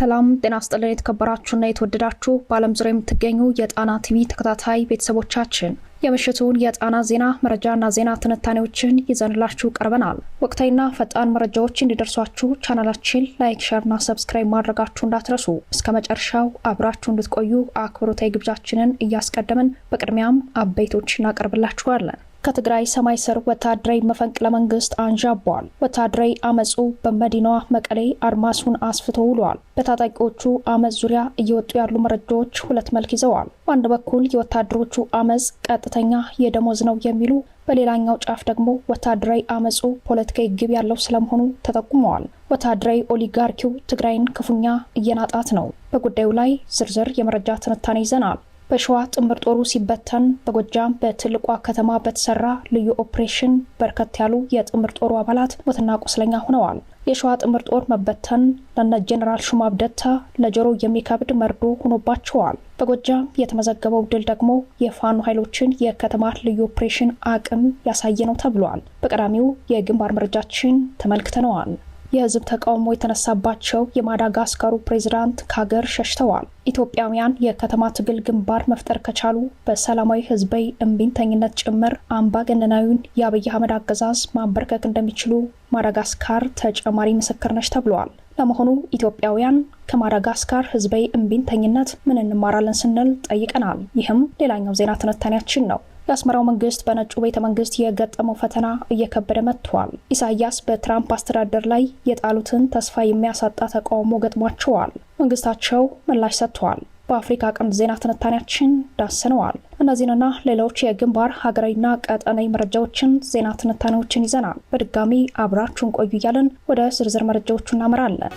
ሰላም ጤና ስጥልን። የተከበራችሁና የተወደዳችሁ በዓለም ዙሪያ የምትገኙ የጣና ቲቪ ተከታታይ ቤተሰቦቻችን የምሽቱን የጣና ዜና መረጃና ዜና ትንታኔዎችን ይዘንላችሁ ቀርበናል። ወቅታዊና ፈጣን መረጃዎች እንዲደርሷችሁ ቻናላችን ላይክ፣ ሸርና ሰብስክራይብ ማድረጋችሁ እንዳትረሱ እስከ መጨረሻው አብራችሁ እንድትቆዩ አክብሮታዊ ግብዣችንን እያስቀደምን በቅድሚያም አበይቶች እናቀርብላችኋለን። ከትግራይ ሰማይ ስር ወታደራዊ መፈንቅለ መንግስት አንዣቧል። ወታደራዊ አመፁ በመዲናዋ መቀሌ አድማሱን አስፍቶ ውሏል። በታጣቂዎቹ አመፅ ዙሪያ እየወጡ ያሉ መረጃዎች ሁለት መልክ ይዘዋል። በአንድ በኩል የወታደሮቹ አመፅ ቀጥተኛ የደሞዝ ነው የሚሉ በሌላኛው ጫፍ ደግሞ ወታደራዊ አመፁ ፖለቲካዊ ግብ ያለው ስለመሆኑ ተጠቁመዋል። ወታደራዊ ኦሊጋርኪው ትግራይን ክፉኛ እየናጣት ነው። በጉዳዩ ላይ ዝርዝር የመረጃ ትንታኔ ይዘናል። በሸዋ ጥምር ጦሩ ሲበተን በጎጃም በትልቋ ከተማ በተሰራ ልዩ ኦፕሬሽን በርከት ያሉ የጥምር ጦሩ አባላት ሞትና ቁስለኛ ሆነዋል። የሸዋ ጥምር ጦር መበተን ለነ ጄኔራል ሹማብ ብደታ ለጆሮ የሚከብድ መርዶ ሆኖባቸዋል። በጎጃም የተመዘገበው ድል ደግሞ የፋኖ ኃይሎችን የከተማ ልዩ ኦፕሬሽን አቅም ያሳየ ነው ተብሏል። በቀዳሚው የግንባር መረጃችን ተመልክተነዋል። የህዝብ ተቃውሞ የተነሳባቸው የማዳጋስካሩ ፕሬዚዳንት ከሀገር ሸሽተዋል። ኢትዮጵያውያን የከተማ ትግል ግንባር መፍጠር ከቻሉ በሰላማዊ ህዝባዊ እምቢንተኝነት ጭምር አምባገነናዊውን የአብይ አህመድ አገዛዝ ማንበርከክ እንደሚችሉ ማዳጋስካር ተጨማሪ ምስክር ነች ተብለዋል። ለመሆኑ ኢትዮጵያውያን ከማዳጋስካር ህዝባዊ እምቢንተኝነት ምን እንማራለን ስንል ጠይቀናል። ይህም ሌላኛው ዜና ትንታኔያችን ነው። የአስመራው መንግስት በነጩ ቤተ መንግስት የገጠመው ፈተና እየከበደ መጥቷል። ኢሳያስ በትራምፕ አስተዳደር ላይ የጣሉትን ተስፋ የሚያሳጣ ተቃውሞ ገጥሟቸዋል። መንግስታቸው ምላሽ ሰጥቷል። በአፍሪካ ቀንድ ዜና ትንታኔያችን ዳስነዋል። እነዚህንና ሌሎች የግንባር ሀገራዊና ቀጠናዊ መረጃዎችን ዜና ትንታኔዎችን ይዘናል። በድጋሚ አብራችሁን ቆዩ እያለን ወደ ዝርዝር መረጃዎቹ እናመራለን።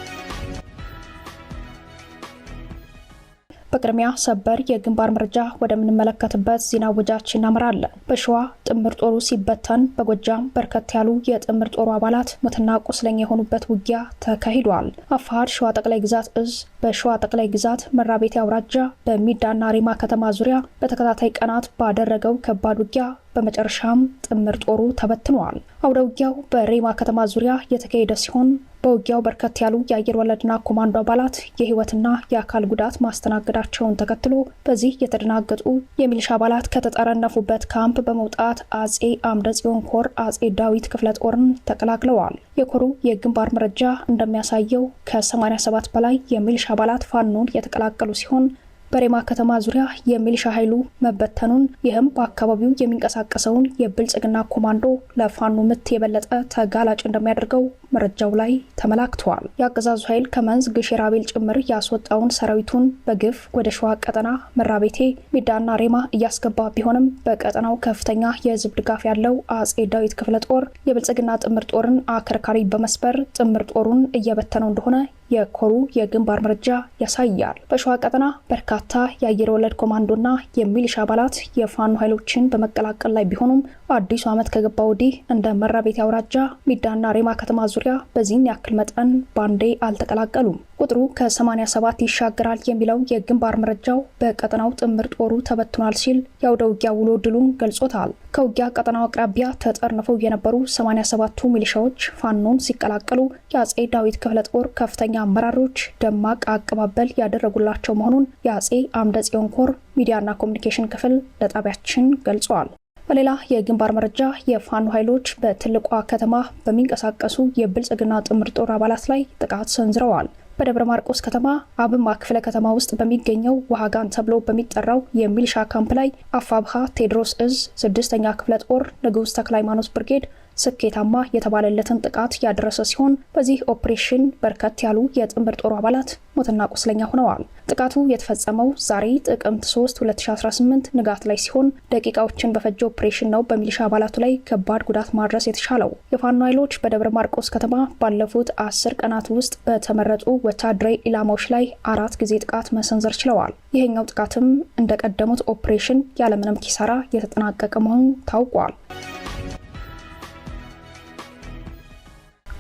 በቅድሚያ ሰበር የግንባር መረጃ ወደምንመለከትበት ዜና ውጃችን እናምራለን። በሸዋ ጥምር ጦሩ ሲበተን በጎጃም በርከት ያሉ የጥምር ጦሩ አባላት ሞትና ቁስለኛ የሆኑበት ውጊያ ተካሂዷል። አፋሃድ ሸዋ ጠቅላይ ግዛት እዝ በሸዋ ጠቅላይ ግዛት መራቤቴ አውራጃ በሚዳና ሪማ ከተማ ዙሪያ በተከታታይ ቀናት ባደረገው ከባድ ውጊያ በመጨረሻም ጥምር ጦሩ ተበትነዋል። አውደ ውጊያው በሬማ ከተማ ዙሪያ የተካሄደ ሲሆን በውጊያው በርከት ያሉ የአየር ወለድና ኮማንዶ አባላት የህይወትና የአካል ጉዳት ማስተናገዳቸውን ተከትሎ በዚህ የተደናገጡ የሚሊሻ አባላት ከተጠረነፉበት ካምፕ በመውጣት አጼ አምደ ጽዮን ኮር አጼ ዳዊት ክፍለ ጦርን ተቀላቅለዋል። የኮሩ የግንባር መረጃ እንደሚያሳየው ከ87 በላይ የሚሊሻ አባላት ፋኖን የተቀላቀሉ ሲሆን በሬማ ከተማ ዙሪያ የሚሊሻ ኃይሉ መበተኑን ይህም በአካባቢው የሚንቀሳቀሰውን የብልጽግና ኮማንዶ ለፋኖ ምት የበለጠ ተጋላጭ እንደሚያደርገው መረጃው ላይ ተመላክተዋል። የአገዛዙ ኃይል ከመንዝ ግሽራቤል ጭምር ያስወጣውን ሰራዊቱን በግፍ ወደ ሸዋ ቀጠና መራቤቴ፣ ሚዳና ሬማ እያስገባ ቢሆንም በቀጠናው ከፍተኛ የህዝብ ድጋፍ ያለው አጼ ዳዊት ክፍለ ጦር የብልጽግና ጥምር ጦርን አከርካሪ በመስበር ጥምር ጦሩን እየበተነው እንደሆነ የኮሩ የግንባር መረጃ ያሳያል። በሸዋ ቀጠና በርካታ የአየር ወለድ ኮማንዶና የሚሊሻ አባላት የፋኖ ኃይሎችን በመቀላቀል ላይ ቢሆኑም በአዲሱ ዓመት ከገባ ወዲህ እንደ መራቤቴ አውራጃ ሚዳና ሬማ ከተማ ዙሪያ በዚህን ያክል መጠን ባንዴ አልተቀላቀሉም። ቁጥሩ ከ87 ይሻገራል የሚለው የግንባር መረጃው በቀጠናው ጥምር ጦሩ ተበትኗል ሲል የአውደ ውጊያ ውሎ ድሉን ገልጾታል። ከውጊያ ቀጠናው አቅራቢያ ተጠርንፈው የነበሩ 87ቱ ሚሊሻዎች ፋኖን ሲቀላቀሉ የአጼ ዳዊት ክፍለ ጦር ከፍተኛ አመራሮች ደማቅ አቀባበል ያደረጉላቸው መሆኑን የአጼ አምደ ጽዮን ኮር ሚዲያና ኮሚኒኬሽን ክፍል ለጣቢያችን ገልጸዋል። በሌላ የግንባር መረጃ የፋኖ ኃይሎች በትልቋ ከተማ በሚንቀሳቀሱ የብልጽግና ጥምር ጦር አባላት ላይ ጥቃት ሰንዝረዋል። በደብረ ማርቆስ ከተማ አብማ ክፍለ ከተማ ውስጥ በሚገኘው ውሃጋን ተብሎ በሚጠራው የሚሊሻ ካምፕ ላይ አፋብሃ ቴድሮስ እዝ ስድስተኛ ክፍለ ጦር ንጉሥ ተክለ ሃይማኖት ብርጌድ ስኬታማ የተባለለትን ጥቃት ያደረሰ ሲሆን በዚህ ኦፕሬሽን በርከት ያሉ የጥምር ጦሩ አባላት ሞትና ቁስለኛ ሆነዋል። ጥቃቱ የተፈጸመው ዛሬ ጥቅምት 3 2018 ንጋት ላይ ሲሆን ደቂቃዎችን በፈጀ ኦፕሬሽን ነው በሚሊሻ አባላቱ ላይ ከባድ ጉዳት ማድረስ የተቻለው። የፋኖ ኃይሎች በደብረ ማርቆስ ከተማ ባለፉት አስር ቀናት ውስጥ በተመረጡ ወታደራዊ ኢላማዎች ላይ አራት ጊዜ ጥቃት መሰንዘር ችለዋል። ይሄኛው ጥቃትም እንደቀደሙት ኦፕሬሽን ያለምንም ኪሳራ የተጠናቀቀ መሆኑ ታውቋል።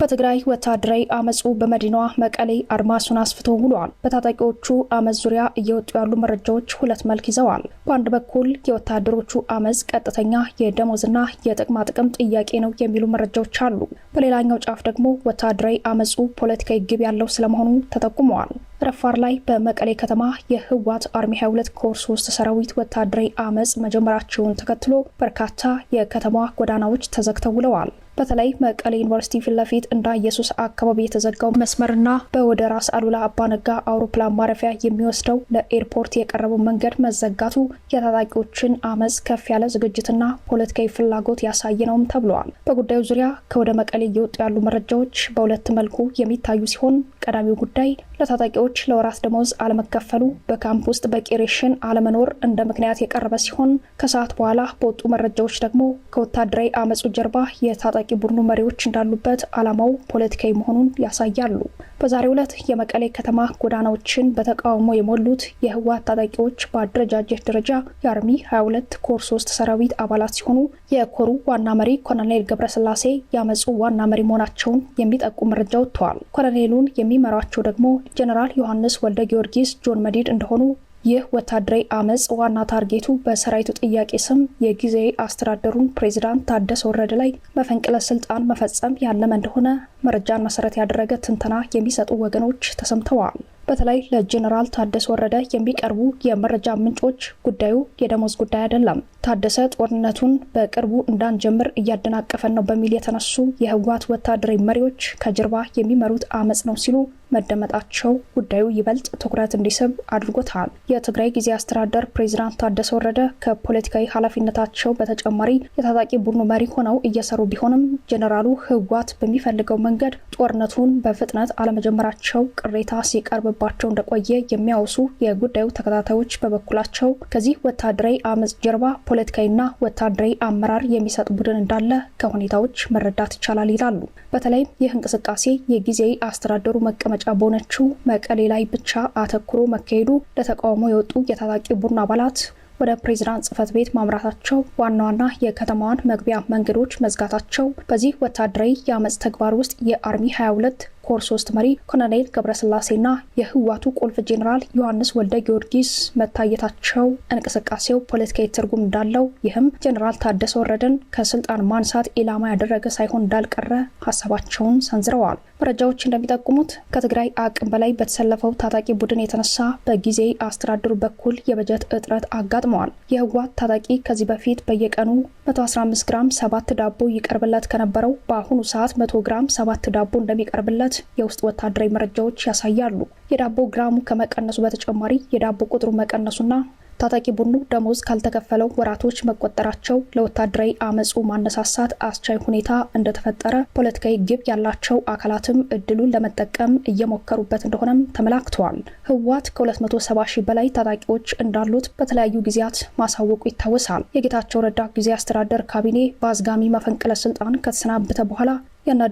በትግራይ ወታደራዊ አመፁ በመዲናዋ መቀሌ አድማሱን አስፍቶ ውሏል። በታጣቂዎቹ አመፅ ዙሪያ እየወጡ ያሉ መረጃዎች ሁለት መልክ ይዘዋል። በአንድ በኩል የወታደሮቹ አመፅ ቀጥተኛ የደሞዝና የጥቅማ ጥቅም ጥያቄ ነው የሚሉ መረጃዎች አሉ። በሌላኛው ጫፍ ደግሞ ወታደራዊ አመፁ ፖለቲካዊ ግብ ያለው ስለመሆኑ ተጠቁመዋል። ረፋር ላይ በመቀሌ ከተማ የህወሓት አርሚ 22 ኮር 3 ሰራዊት ወታደራዊ አመፅ መጀመራቸውን ተከትሎ በርካታ የከተማዋ ጎዳናዎች ተዘግተው ውለዋል። በተለይ መቀሌ ዩኒቨርሲቲ ፊት ለፊት እንዳ ኢየሱስ አካባቢ የተዘጋው መስመርና በወደ ራስ አሉላ አባነጋ አውሮፕላን ማረፊያ የሚወስደው ለኤርፖርት የቀረበው መንገድ መዘጋቱ የታጣቂዎችን አመፅ ከፍ ያለ ዝግጅትና ፖለቲካዊ ፍላጎት ያሳየ ነውም ተብለዋል። በጉዳዩ ዙሪያ ከወደ መቀሌ እየወጡ ያሉ መረጃዎች በሁለት መልኩ የሚታዩ ሲሆን ቀዳሚው ጉዳይ ለታጣቂዎች ለወራት ደመወዝ አለመከፈሉ፣ በካምፕ ውስጥ በቂ ሬሽን አለመኖር እንደ ምክንያት የቀረበ ሲሆን ከሰዓት በኋላ በወጡ መረጃዎች ደግሞ ከወታደራዊ አመፁ ጀርባ የታጣ ታጣቂ ቡድኑ መሪዎች እንዳሉበት ዓላማው ፖለቲካዊ መሆኑን ያሳያሉ። በዛሬው ዕለት የመቀሌ ከተማ ጎዳናዎችን በተቃውሞ የሞሉት የህወሓት ታጣቂዎች በአደረጃጀት ደረጃ የአርሚ 22 ኮር 3 ሰራዊት አባላት ሲሆኑ የኮሩ ዋና መሪ ኮሎኔል ገብረስላሴ ያመፁ ዋና መሪ መሆናቸውን የሚጠቁም መረጃ ወጥተዋል። ኮሎኔሉን የሚመራቸው ደግሞ ጀኔራል ዮሐንስ ወልደ ጊዮርጊስ ጆን መዲድ እንደሆኑ ይህ ወታደራዊ አመፅ ዋና ታርጌቱ በሰራዊቱ ጥያቄ ስም የጊዜ አስተዳደሩን ፕሬዚዳንት ታደሰ ወረደ ላይ መፈንቅለ ስልጣን መፈጸም ያለመ እንደሆነ መረጃን መሰረት ያደረገ ትንተና የሚሰጡ ወገኖች ተሰምተዋል። በተለይ ለጄኔራል ታደሰ ወረደ የሚቀርቡ የመረጃ ምንጮች ጉዳዩ የደሞዝ ጉዳይ አይደለም፣ ታደሰ ጦርነቱን በቅርቡ እንዳንጀምር እያደናቀፈን ነው በሚል የተነሱ የህወሓት ወታደራዊ መሪዎች ከጀርባ የሚመሩት አመፅ ነው ሲሉ መደመጣቸው ጉዳዩ ይበልጥ ትኩረት እንዲስብ አድርጎታል። የትግራይ ጊዜ አስተዳደር ፕሬዚዳንት ታደሰ ወረደ ከፖለቲካዊ ኃላፊነታቸው በተጨማሪ የታጣቂ ቡድኑ መሪ ሆነው እየሰሩ ቢሆንም ጄኔራሉ ህወሓት በሚፈልገው መንገድ ጦርነቱን በፍጥነት አለመጀመራቸው ቅሬታ ሲቀርብ ሲፈጸምባቸው እንደቆየ የሚያወሱ የጉዳዩ ተከታታዮች በበኩላቸው ከዚህ ወታደራዊ አመፅ ጀርባ ፖለቲካዊና ወታደራዊ አመራር የሚሰጥ ቡድን እንዳለ ከሁኔታዎች መረዳት ይቻላል ይላሉ። በተለይም ይህ እንቅስቃሴ የጊዜያዊ አስተዳደሩ መቀመጫ በሆነችው መቀሌ ላይ ብቻ አተኩሮ መካሄዱ ለተቃውሞ የወጡ የታጣቂ ቡድን አባላት ወደ ፕሬዚዳንት ጽህፈት ቤት ማምራታቸው፣ ዋና ዋና የከተማዋን መግቢያ መንገዶች መዝጋታቸው በዚህ ወታደራዊ የአመፅ ተግባር ውስጥ የአርሚ 22 ኮር ሶስት መሪ ኮሎኔል ገብረስላሴና የህዋቱ ቁልፍ ጄኔራል ዮሐንስ ወልደ ጊዮርጊስ መታየታቸው እንቅስቃሴው ፖለቲካዊ ትርጉም እንዳለው ይህም ጄኔራል ታደሰ ወረደን ከስልጣን ማንሳት ኢላማ ያደረገ ሳይሆን እንዳልቀረ ሀሳባቸውን ሰንዝረዋል። መረጃዎች እንደሚጠቁሙት ከትግራይ አቅም በላይ በተሰለፈው ታጣቂ ቡድን የተነሳ በጊዜ አስተዳደሩ በኩል የበጀት እጥረት አጋጥመዋል። የህወሓት ታጣቂ ከዚህ በፊት በየቀኑ 115 ግራም ሰባት ዳቦ ይቀርብለት ከነበረው በአሁኑ ሰዓት 100 ግራም ሰባት ዳቦ እንደሚቀርብለት እንደሚሉት የውስጥ ወታደራዊ መረጃዎች ያሳያሉ። የዳቦ ግራሙ ከመቀነሱ በተጨማሪ የዳቦ ቁጥሩ መቀነሱና ታጣቂ ቡድኑ ደሞዝ ካልተከፈለው ወራቶች መቆጠራቸው ለወታደራዊ አመፁ ማነሳሳት አስቻይ ሁኔታ እንደተፈጠረ ፖለቲካዊ ግብ ያላቸው አካላትም እድሉን ለመጠቀም እየሞከሩበት እንደሆነም ተመላክተዋል። ህወሓት ከ270 ሺህ በላይ ታጣቂዎች እንዳሉት በተለያዩ ጊዜያት ማሳወቁ ይታወሳል። የጌታቸው ረዳ ጊዜ አስተዳደር ካቢኔ በአዝጋሚ መፈንቅለ ስልጣን ከተሰናበተ በኋላ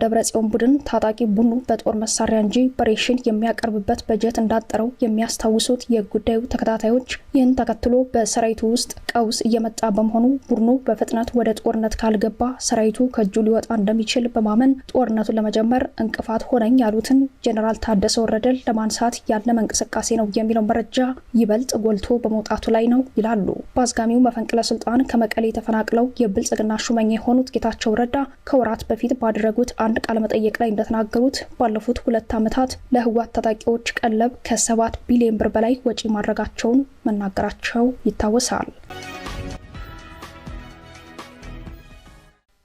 ደብረ ጽዮን ቡድን ታጣቂ ቡድኑ በጦር መሳሪያ እንጂ በሬሽን የሚያቀርብበት በጀት እንዳጠረው የሚያስታውሱት የጉዳዩ ተከታታዮች ይህን ተከትሎ በሰራዊቱ ውስጥ ቀውስ እየመጣ በመሆኑ ቡድኑ በፍጥነት ወደ ጦርነት ካልገባ ሰራዊቱ ከእጁ ሊወጣ እንደሚችል በማመን ጦርነቱን ለመጀመር እንቅፋት ሆነኝ ያሉትን ጀኔራል ታደሰ ወረደን ለማንሳት ያለመ እንቅስቃሴ ነው የሚለው መረጃ ይበልጥ ጎልቶ በመውጣቱ ላይ ነው ይላሉ። በአዝጋሚው መፈንቅለ ስልጣን ከመቀሌ ተፈናቅለው የብልጽግና ሹመኛ የሆኑት ጌታቸው ረዳ ከወራት በፊት ባደረጉ ባደረጉት አንድ ቃለ መጠየቅ ላይ እንደተናገሩት ባለፉት ሁለት ዓመታት ለህወሓት ታጣቂዎች ቀለብ ከሰባት ቢሊዮን ብር በላይ ወጪ ማድረጋቸውን መናገራቸው ይታወሳል።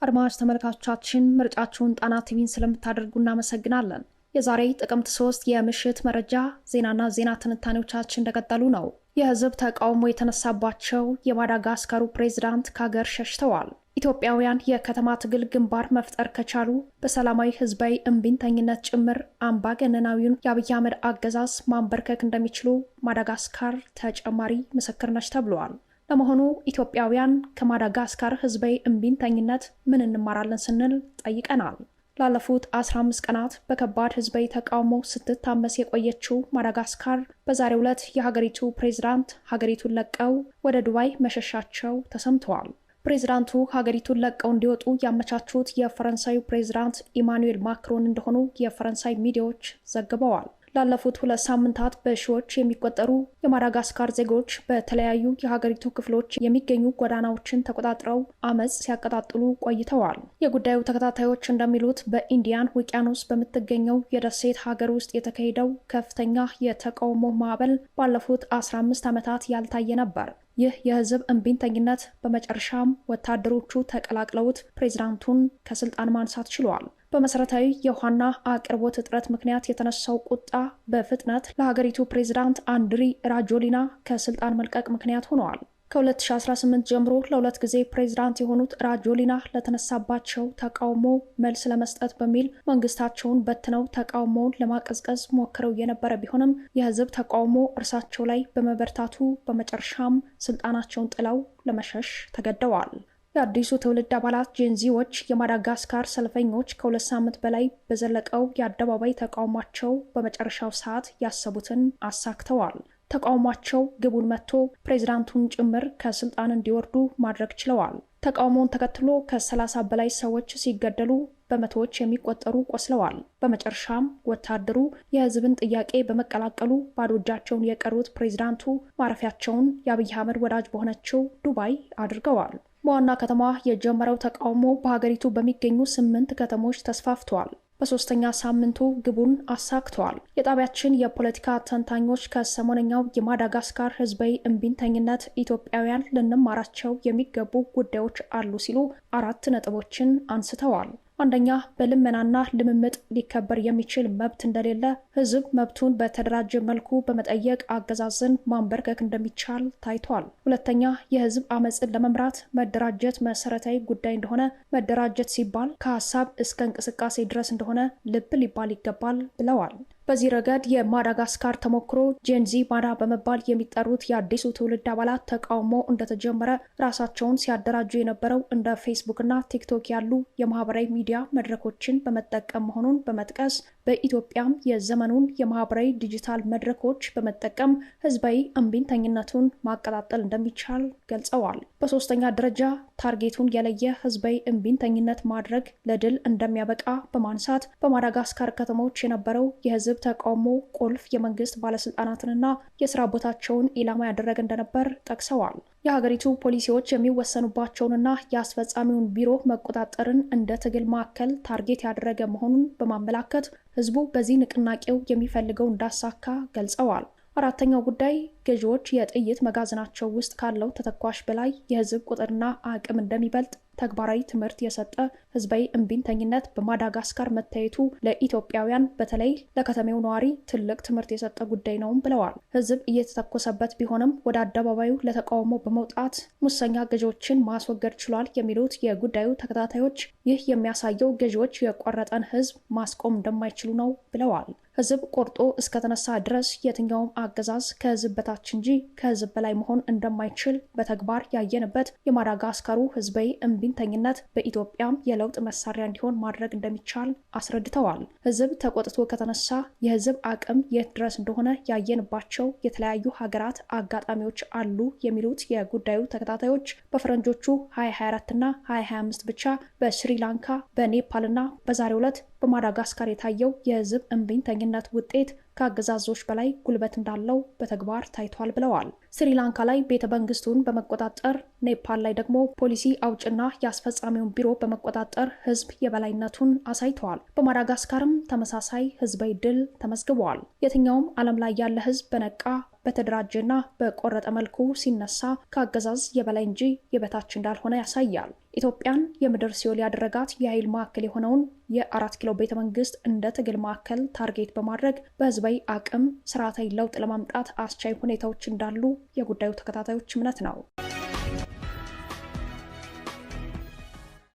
አድማጭ ተመልካቾቻችን ምርጫችሁን ጣና ቲቪን ስለምታደርጉ እናመሰግናለን። የዛሬ ጥቅምት ሶስት የምሽት መረጃ ዜናና ዜና ትንታኔዎቻችን እንደቀጠሉ ነው። የህዝብ ተቃውሞ የተነሳባቸው የማዳጋስካሩ ፕሬዚዳንት ከሀገር ሸሽተዋል። ኢትዮጵያውያን የከተማ ትግል ግንባር መፍጠር ከቻሉ በሰላማዊ ህዝባዊ እምቢንተኝነት ጭምር አምባገነናዊውን የአብይ አህመድ አገዛዝ ማንበርከክ እንደሚችሉ ማዳጋስካር ተጨማሪ ምስክር ነች ተብለዋል። ለመሆኑ ኢትዮጵያውያን ከማዳጋስካር ህዝባዊ እምቢንተኝነት ምን እንማራለን ስንል ጠይቀናል። ላለፉት 15 ቀናት በከባድ ህዝባዊ ተቃውሞ ስትታመስ የቆየችው ማዳጋስካር በዛሬው ዕለት የሀገሪቱ ፕሬዝዳንት ሀገሪቱን ለቀው ወደ ዱባይ መሸሻቸው ተሰምተዋል። ፕሬዚዳንቱ ሀገሪቱን ለቀው እንዲወጡ ያመቻቹት የፈረንሳዩ ፕሬዚዳንት ኢማኑኤል ማክሮን እንደሆኑ የፈረንሳይ ሚዲያዎች ዘግበዋል። ላለፉት ሁለት ሳምንታት በሺዎች የሚቆጠሩ የማዳጋስካር ዜጎች በተለያዩ የሀገሪቱ ክፍሎች የሚገኙ ጎዳናዎችን ተቆጣጥረው አመፅ ሲያቀጣጥሉ ቆይተዋል። የጉዳዩ ተከታታዮች እንደሚሉት በኢንዲያን ውቅያኖስ በምትገኘው የደሴት ሀገር ውስጥ የተካሄደው ከፍተኛ የተቃውሞ ማዕበል ባለፉት 15 ዓመታት ያልታየ ነበር። ይህ የህዝብ እምቢንተኝነት በመጨረሻም ወታደሮቹ ተቀላቅለውት ፕሬዚዳንቱን ከስልጣን ማንሳት ችሏል። በመሰረታዊ የውሃና አቅርቦት እጥረት ምክንያት የተነሳው ቁጣ በፍጥነት ለሀገሪቱ ፕሬዚዳንት አንድሪ ራጆሊና ከስልጣን መልቀቅ ምክንያት ሆነዋል። ከ2018 ጀምሮ ለሁለት ጊዜ ፕሬዚዳንት የሆኑት ራጆሊና ለተነሳባቸው ተቃውሞ መልስ ለመስጠት በሚል መንግስታቸውን በትነው ተቃውሞውን ለማቀዝቀዝ ሞክረው የነበረ ቢሆንም የህዝብ ተቃውሞ እርሳቸው ላይ በመበርታቱ በመጨረሻም ስልጣናቸውን ጥለው ለመሸሽ ተገደዋል። የአዲሱ ትውልድ አባላት ጄንዚዎች የማዳጋስካር ሰልፈኞች ከሁለት ሳምንት በላይ በዘለቀው የአደባባይ ተቃውሟቸው በመጨረሻው ሰዓት ያሰቡትን አሳክተዋል። ተቃውሟቸው ግቡን መጥቶ ፕሬዚዳንቱን ጭምር ከስልጣን እንዲወርዱ ማድረግ ችለዋል። ተቃውሞውን ተከትሎ ከ30 በላይ ሰዎች ሲገደሉ በመቶዎች የሚቆጠሩ ቆስለዋል። በመጨረሻም ወታደሩ የህዝብን ጥያቄ በመቀላቀሉ ባዶ እጃቸውን የቀሩት ፕሬዚዳንቱ ማረፊያቸውን የአብይ አህመድ ወዳጅ በሆነችው ዱባይ አድርገዋል። በዋና ከተማ የጀመረው ተቃውሞ በሀገሪቱ በሚገኙ ስምንት ከተሞች ተስፋፍተዋል። በሶስተኛ ሳምንቱ ግቡን አሳክተዋል። የጣቢያችን የፖለቲካ ተንታኞች ከሰሞነኛው የማዳጋስካር ህዝባዊ እምቢንተኝነት ኢትዮጵያውያን ልንማራቸው የሚገቡ ጉዳዮች አሉ ሲሉ አራት ነጥቦችን አንስተዋል። አንደኛ በልመናና ልምምጥ ሊከበር የሚችል መብት እንደሌለ ህዝብ መብቱን በተደራጀ መልኩ በመጠየቅ አገዛዝን ማንበርከክ እንደሚቻል ታይቷል። ሁለተኛ የህዝብ አመፅን ለመምራት መደራጀት መሰረታዊ ጉዳይ እንደሆነ፣ መደራጀት ሲባል ከሀሳብ እስከ እንቅስቃሴ ድረስ እንደሆነ ልብ ሊባል ይገባል ብለዋል። በዚህ ረገድ የማዳጋስካር ተሞክሮ ጄንዚ ማዳ በመባል የሚጠሩት የአዲሱ ትውልድ አባላት ተቃውሞ እንደተጀመረ ራሳቸውን ሲያደራጁ የነበረው እንደ ፌስቡክ ቲክቶክ ያሉ የማህበራዊ ሚዲያ መድረኮችን በመጠቀም መሆኑን በመጥቀስ በኢትዮጵያም የዘመኑን የማህበራዊ ዲጂታል መድረኮች በመጠቀም ህዝባዊ እምቢተኝነቱን ማቀጣጠል እንደሚቻል ገልጸዋል። በሶስተኛ ደረጃ ታርጌቱን የለየ ህዝባዊ እምቢተኝነት ማድረግ ለድል እንደሚያበቃ በማንሳት በማዳጋስካር ከተሞች የነበረው የህዝብ ተቃውሞ ቁልፍ የመንግስት ባለስልጣናትንና የስራ ቦታቸውን ኢላማ ያደረገ እንደነበር ጠቅሰዋል። የሀገሪቱ ፖሊሲዎች የሚወሰኑባቸውንና የአስፈጻሚውን ቢሮ መቆጣጠርን እንደ ትግል ማዕከል ታርጌት ያደረገ መሆኑን በማመላከት ህዝቡ በዚህ ንቅናቄው የሚፈልገው እንዳሳካ ገልጸዋል። አራተኛው ጉዳይ ገዢዎች የጥይት መጋዘናቸው ውስጥ ካለው ተተኳሽ በላይ የህዝብ ቁጥርና አቅም እንደሚበልጥ ተግባራዊ ትምህርት የሰጠ ህዝባዊ እምቢንተኝነት በማዳጋስካር መታየቱ ለኢትዮጵያውያን በተለይ ለከተሜው ነዋሪ ትልቅ ትምህርት የሰጠ ጉዳይ ነውም ብለዋል። ህዝብ እየተተኮሰበት ቢሆንም ወደ አደባባዩ ለተቃውሞ በመውጣት ሙሰኛ ገዢዎችን ማስወገድ ችሏል የሚሉት የጉዳዩ ተከታታዮች ይህ የሚያሳየው ገዢዎች የቆረጠን ህዝብ ማስቆም እንደማይችሉ ነው ብለዋል። ህዝብ ቆርጦ እስከተነሳ ድረስ የትኛውም አገዛዝ ከህዝብ በታ? በታች እንጂ ከህዝብ በላይ መሆን እንደማይችል በተግባር ያየንበት የማዳጋስካሩ ህዝባዊ እምቢንተኝነት በኢትዮጵያም የለውጥ መሳሪያ እንዲሆን ማድረግ እንደሚቻል አስረድተዋል። ህዝብ ተቆጥቶ ከተነሳ የህዝብ አቅም የት ድረስ እንደሆነ ያየንባቸው የተለያዩ ሀገራት አጋጣሚዎች አሉ የሚሉት የጉዳዩ ተከታታዮች በፈረንጆቹ 2024 እና 2025 ብቻ በስሪላንካ በኔፓልና በዛሬው ዕለት በማዳጋስካር የታየው የሕዝብ እምቢተኝነት ውጤት ከአገዛዞች በላይ ጉልበት እንዳለው በተግባር ታይቷል ብለዋል። ስሪላንካ ላይ ቤተ መንግስቱን በመቆጣጠር ኔፓል ላይ ደግሞ ፖሊሲ አውጭና የአስፈጻሚውን ቢሮ በመቆጣጠር ህዝብ የበላይነቱን አሳይተዋል። በማዳጋስካርም ተመሳሳይ ህዝባዊ ድል ተመዝግበዋል። የትኛውም ዓለም ላይ ያለ ህዝብ በነቃ በተደራጀና በቆረጠ መልኩ ሲነሳ ከአገዛዝ የበላይ እንጂ የበታች እንዳልሆነ ያሳያል። ኢትዮጵያን የምድር ሲኦል ያደረጋት የኃይል ማዕከል የሆነውን የአራት ኪሎ ቤተ መንግስት እንደ ትግል ማዕከል ታርጌት በማድረግ በህዝባዊ አቅም ስርዓታዊ ለውጥ ለማምጣት አስቻይ ሁኔታዎች እንዳሉ የጉዳዩ ተከታታዮች እምነት ነው።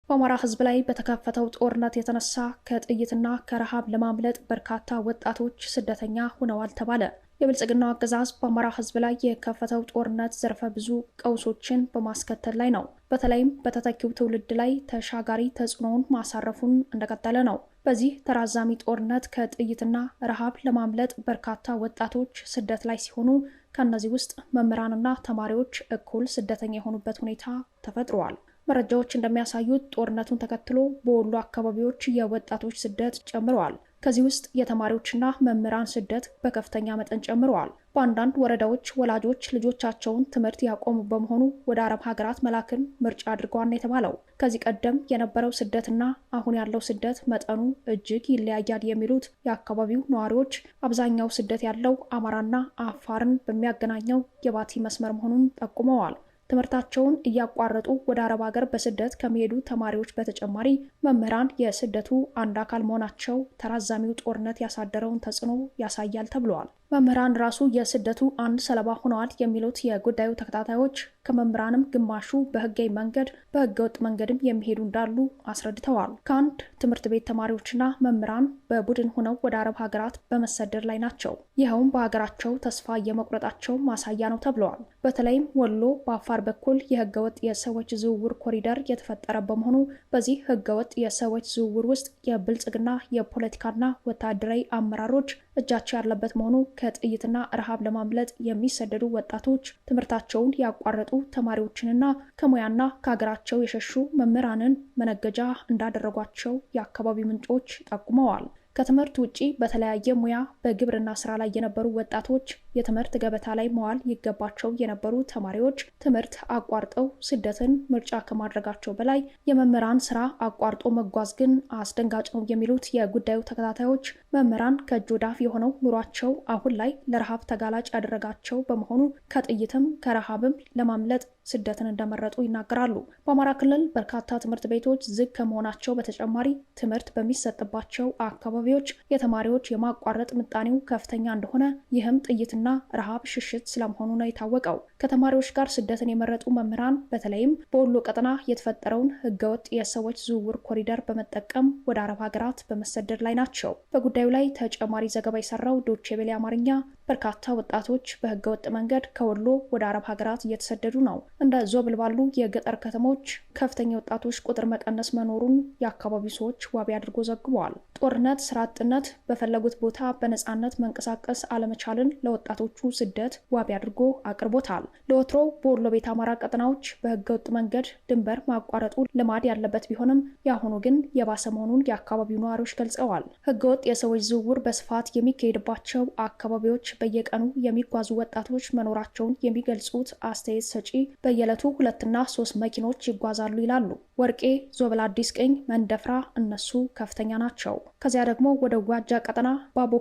በአማራ ህዝብ ላይ በተከፈተው ጦርነት የተነሳ ከጥይትና ከረሃብ ለማምለጥ በርካታ ወጣቶች ስደተኛ ሆነዋል ተባለ። የብልጽግናው አገዛዝ በአማራ ሕዝብ ላይ የከፈተው ጦርነት ዘርፈ ብዙ ቀውሶችን በማስከተል ላይ ነው። በተለይም በተተኪው ትውልድ ላይ ተሻጋሪ ተጽዕኖውን ማሳረፉን እንደቀጠለ ነው። በዚህ ተራዛሚ ጦርነት ከጥይትና ረሃብ ለማምለጥ በርካታ ወጣቶች ስደት ላይ ሲሆኑ ከእነዚህ ውስጥ መምህራንና ተማሪዎች እኩል ስደተኛ የሆኑበት ሁኔታ ተፈጥረዋል። መረጃዎች እንደሚያሳዩት ጦርነቱን ተከትሎ በወሎ አካባቢዎች የወጣቶች ስደት ጨምረዋል። ከዚህ ውስጥ የተማሪዎችና መምህራን ስደት በከፍተኛ መጠን ጨምረዋል። በአንዳንድ ወረዳዎች ወላጆች ልጆቻቸውን ትምህርት ያቆሙ በመሆኑ ወደ አረብ ሀገራት መላክን ምርጫ አድርገዋል የተባለው ከዚህ ቀደም የነበረው ስደትና አሁን ያለው ስደት መጠኑ እጅግ ይለያያል የሚሉት የአካባቢው ነዋሪዎች አብዛኛው ስደት ያለው አማራና አፋርን በሚያገናኘው የባቲ መስመር መሆኑን ጠቁመዋል። ትምህርታቸውን እያቋረጡ ወደ አረብ ሀገር በስደት ከሚሄዱ ተማሪዎች በተጨማሪ መምህራን የስደቱ አንድ አካል መሆናቸው ተራዛሚው ጦርነት ያሳደረውን ተጽዕኖ ያሳያል ተብለዋል። መምህራን ራሱ የስደቱ አንድ ሰለባ ሆነዋል የሚሉት የጉዳዩ ተከታታዮች ከመምህራንም ግማሹ በህጋዊ መንገድ በህገ ወጥ መንገድም የሚሄዱ እንዳሉ አስረድተዋል። ከአንድ ትምህርት ቤት ተማሪዎችና መምህራን በቡድን ሆነው ወደ አረብ ሀገራት በመሰደድ ላይ ናቸው። ይኸውም በሀገራቸው ተስፋ የመቁረጣቸው ማሳያ ነው ተብለዋል። በተለይም ወሎ በአፋር በኩል የህገወጥ የሰዎች ዝውውር ኮሪደር የተፈጠረ በመሆኑ በዚህ ህገ ወጥ የሰዎች ዝውውር ውስጥ የብልጽግና የፖለቲካና ወታደራዊ አመራሮች እጃቸው ያለበት መሆኑ ከጥይትና ረሃብ ለማምለጥ የሚሰደዱ ወጣቶች፣ ትምህርታቸውን ያቋረጡ ተማሪዎችንና ከሙያና ከሀገራቸው የሸሹ መምህራንን መነገጃ እንዳደረጓቸው የአካባቢው ምንጮች ጠቁመዋል። ከትምህርት ውጪ በተለያየ ሙያ በግብርና ስራ ላይ የነበሩ ወጣቶች፣ የትምህርት ገበታ ላይ መዋል ይገባቸው የነበሩ ተማሪዎች ትምህርት አቋርጠው ስደትን ምርጫ ከማድረጋቸው በላይ የመምህራን ስራ አቋርጦ መጓዝ ግን አስደንጋጭ ነው የሚሉት የጉዳዩ ተከታታዮች መምህራን ከእጅ ወዳፍ የሆነው ኑሯቸው አሁን ላይ ለረሃብ ተጋላጭ ያደረጋቸው በመሆኑ ከጥይትም ከረሃብም ለማምለጥ ስደትን እንደመረጡ ይናገራሉ። በአማራ ክልል በርካታ ትምህርት ቤቶች ዝግ ከመሆናቸው በተጨማሪ ትምህርት በሚሰጥባቸው አካባቢ አካባቢዎች የተማሪዎች የማቋረጥ ምጣኔው ከፍተኛ እንደሆነ ይህም ጥይትና ረሃብ ሽሽት ስለመሆኑ ነው የታወቀው። ከተማሪዎች ጋር ስደትን የመረጡ መምህራን በተለይም በወሎ ቀጠና የተፈጠረውን ህገወጥ የሰዎች ዝውውር ኮሪደር በመጠቀም ወደ አረብ ሀገራት በመሰደድ ላይ ናቸው። በጉዳዩ ላይ ተጨማሪ ዘገባ የሰራው ዶቼ ቬለ አማርኛ በርካታ ወጣቶች በህገወጥ መንገድ ከወሎ ወደ አረብ ሀገራት እየተሰደዱ ነው። እንደ ዞብል ባሉ የገጠር ከተሞች ከፍተኛ ወጣቶች ቁጥር መቀነስ መኖሩን የአካባቢው ሰዎች ዋቢ አድርጎ ዘግበዋል። ጦርነት፣ ስራ አጥነት፣ በፈለጉት ቦታ በነፃነት መንቀሳቀስ አለመቻልን ለወጣቶቹ ስደት ዋቢ አድርጎ አቅርቦታል። ለወትሮ በወሎ ቤት አማራ ቀጠናዎች በህገወጥ መንገድ ድንበር ማቋረጡ ልማድ ያለበት ቢሆንም የአሁኑ ግን የባሰ መሆኑን የአካባቢው ነዋሪዎች ገልጸዋል። ህገወጥ የሰዎች ዝውውር በስፋት የሚካሄድባቸው አካባቢዎች በየቀኑ የሚጓዙ ወጣቶች መኖራቸውን የሚገልጹት አስተያየት ሰጪ በየዕለቱ ሁለትና ሶስት መኪኖች ይጓዛሉ ይላሉ። ወርቄ ዞበል፣ አዲስ ቀኝ፣ መንደፍራ እነሱ ከፍተኛ ናቸው። ከዚያ ደግሞ ወደ ዋጃ ቀጠና ባቦ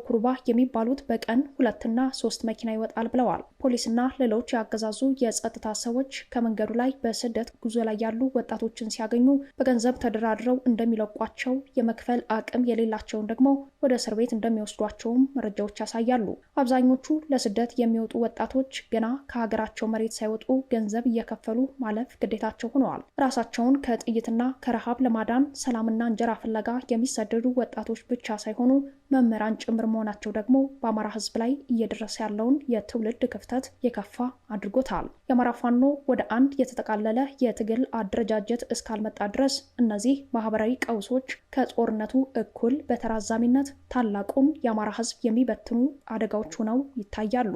የሚባሉት በቀን ሁለትና ሶስት መኪና ይወጣል ብለዋል። ፖሊስና ሌሎች የአገ የአገዛዙ የጸጥታ ሰዎች ከመንገዱ ላይ በስደት ጉዞ ላይ ያሉ ወጣቶችን ሲያገኙ በገንዘብ ተደራድረው እንደሚለቋቸው፣ የመክፈል አቅም የሌላቸውን ደግሞ ወደ እስር ቤት እንደሚወስዷቸውም መረጃዎች ያሳያሉ። አብዛኞቹ ለስደት የሚወጡ ወጣቶች ገና ከሀገራቸው መሬት ሳይወጡ ገንዘብ እየከፈሉ ማለፍ ግዴታቸው ሆነዋል። ራሳቸውን ከጥይትና ከረሃብ ለማዳን ሰላምና እንጀራ ፍለጋ የሚሰደዱ ወጣቶች ብቻ ሳይሆኑ መምህራን ጭምር መሆናቸው ደግሞ በአማራ ሕዝብ ላይ እየደረሰ ያለውን የትውልድ ክፍተት የከፋ አድርጎታል። የአማራ ፋኖ ወደ አንድ የተጠቃለለ የትግል አደረጃጀት እስካልመጣ ድረስ እነዚህ ማህበራዊ ቀውሶች ከጦርነቱ እኩል በተራዛሚነት ታላቁን የአማራ ሕዝብ የሚበትኑ አደጋዎች ሆነው ይታያሉ።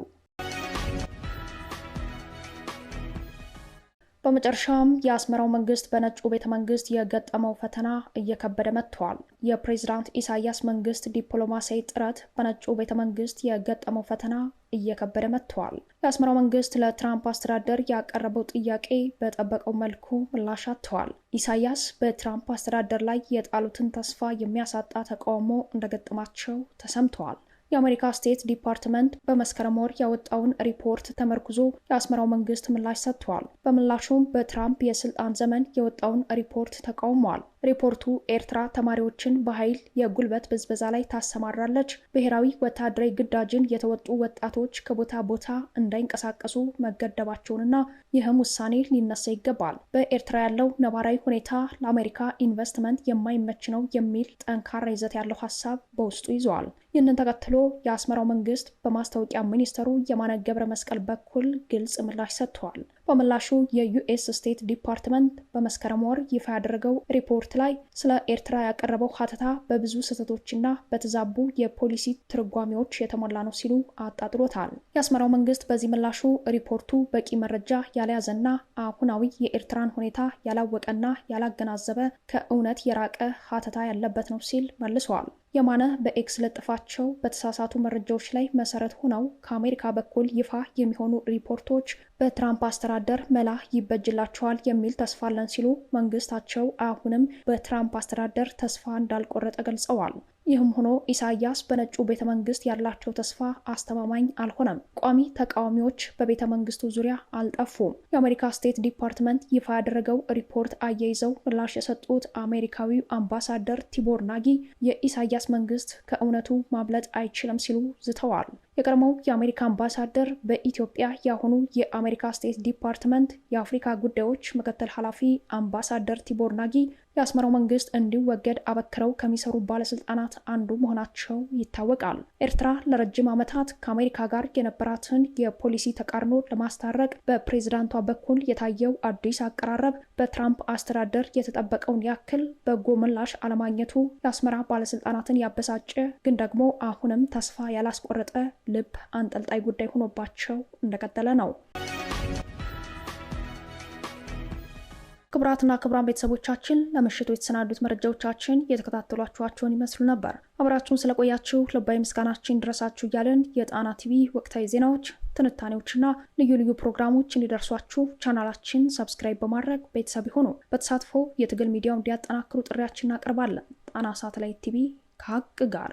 በመጨረሻም የአስመራው መንግስት በነጩ ቤተ መንግስት የገጠመው ፈተና እየከበደ መጥቷል። የፕሬዚዳንት ኢሳያስ መንግስት ዲፕሎማሲያዊ ጥረት በነጩ ቤተ መንግስት የገጠመው ፈተና እየከበደ መጥቷል። የአስመራው መንግስት ለትራምፕ አስተዳደር ያቀረበው ጥያቄ በጠበቀው መልኩ ምላሽ አጥተዋል። ኢሳያስ በትራምፕ አስተዳደር ላይ የጣሉትን ተስፋ የሚያሳጣ ተቃውሞ እንደገጠማቸው ተሰምተዋል። የአሜሪካ ስቴት ዲፓርትመንት በመስከረም ወር ያወጣውን ሪፖርት ተመርኩዞ የአስመራው መንግስት ምላሽ ሰጥቷል። በምላሹም በትራምፕ የስልጣን ዘመን የወጣውን ሪፖርት ተቃውሟል። ሪፖርቱ ኤርትራ ተማሪዎችን በኃይል የጉልበት ብዝበዛ ላይ ታሰማራለች፣ ብሔራዊ ወታደራዊ ግዳጅን የተወጡ ወጣቶች ከቦታ ቦታ እንዳይንቀሳቀሱ መገደባቸውንና ይህም ውሳኔ ሊነሳ ይገባል፣ በኤርትራ ያለው ነባራዊ ሁኔታ ለአሜሪካ ኢንቨስትመንት የማይመች ነው የሚል ጠንካራ ይዘት ያለው ሀሳብ በውስጡ ይዘዋል። ይህንን ተከትሎ የአስመራው መንግስት በማስታወቂያ ሚኒስተሩ የማነ ገብረ መስቀል በኩል ግልጽ ምላሽ ሰጥተዋል። በምላሹ የዩኤስ ስቴት ዲፓርትመንት በመስከረም ወር ይፋ ያደረገው ሪፖርት ላይ ስለ ኤርትራ ያቀረበው ሀተታ በብዙ ስህተቶችና በተዛቡ የፖሊሲ ትርጓሜዎች የተሞላ ነው ሲሉ አጣጥሎታል። የአስመራው መንግስት በዚህ ምላሹ ሪፖርቱ በቂ መረጃ ያልያዘና አሁናዊ የኤርትራን ሁኔታ ያላወቀና ያላገናዘበ ከእውነት የራቀ ሀተታ ያለበት ነው ሲል መልሷል። የማነ በኤክስ ለጥፋቸው በተሳሳቱ መረጃዎች ላይ መሰረት ሆነው ከአሜሪካ በኩል ይፋ የሚሆኑ ሪፖርቶች በትራምፕ አስተዳደር መላ ይበጅላቸዋል የሚል ተስፋ አለን ሲሉ መንግስታቸው አሁንም በትራምፕ አስተዳደር ተስፋ እንዳልቆረጠ ገልጸዋል። ይህም ሆኖ ኢሳያስ በነጩ ቤተ መንግስት ያላቸው ተስፋ አስተማማኝ አልሆነም። ቋሚ ተቃዋሚዎች በቤተ መንግስቱ ዙሪያ አልጠፉም። የአሜሪካ ስቴት ዲፓርትመንት ይፋ ያደረገው ሪፖርት አያይዘው ምላሽ የሰጡት አሜሪካዊው አምባሳደር ቲቦር ናጊ የኢሳያስ መንግስት ከእውነቱ ማብለጥ አይችልም ሲሉ ዝተዋል። የቀድሞው የአሜሪካ አምባሳደር በኢትዮጵያ የአሁኑ የአሜሪካ ስቴት ዲፓርትመንት የአፍሪካ ጉዳዮች ምክትል ኃላፊ አምባሳደር ቲቦር ናጊ የአስመራው መንግስት እንዲወገድ አበክረው ከሚሰሩ ባለስልጣናት አንዱ መሆናቸው ይታወቃል። ኤርትራ ለረጅም ዓመታት ከአሜሪካ ጋር የነበራትን የፖሊሲ ተቃርኖ ለማስታረቅ በፕሬዝዳንቷ በኩል የታየው አዲስ አቀራረብ በትራምፕ አስተዳደር የተጠበቀውን ያክል በጎ ምላሽ አለማግኘቱ የአስመራ ባለስልጣናትን ያበሳጨ ግን ደግሞ አሁንም ተስፋ ያላስቆረጠ ልብ አንጠልጣይ ጉዳይ ሆኖባቸው እንደቀጠለ ነው። ክብራትና ክብራን ቤተሰቦቻችን ለምሽቱ የተሰናዱት መረጃዎቻችን እየተከታተሏችኋቸውን ይመስሉ ነበር። አብራችሁን ስለቆያችሁ ልባዊ ምስጋናችን ድረሳችሁ እያለን የጣና ቲቪ ወቅታዊ ዜናዎች፣ ትንታኔዎችና ልዩ ልዩ ፕሮግራሞች እንዲደርሷችሁ ቻናላችን ሰብስክራይብ በማድረግ ቤተሰብ ይሁኑ። በተሳትፎ የትግል ሚዲያውን እንዲያጠናክሩ ጥሪያችን እናቀርባለን። ጣና ሳተላይት ቲቪ ከሀቅ ጋር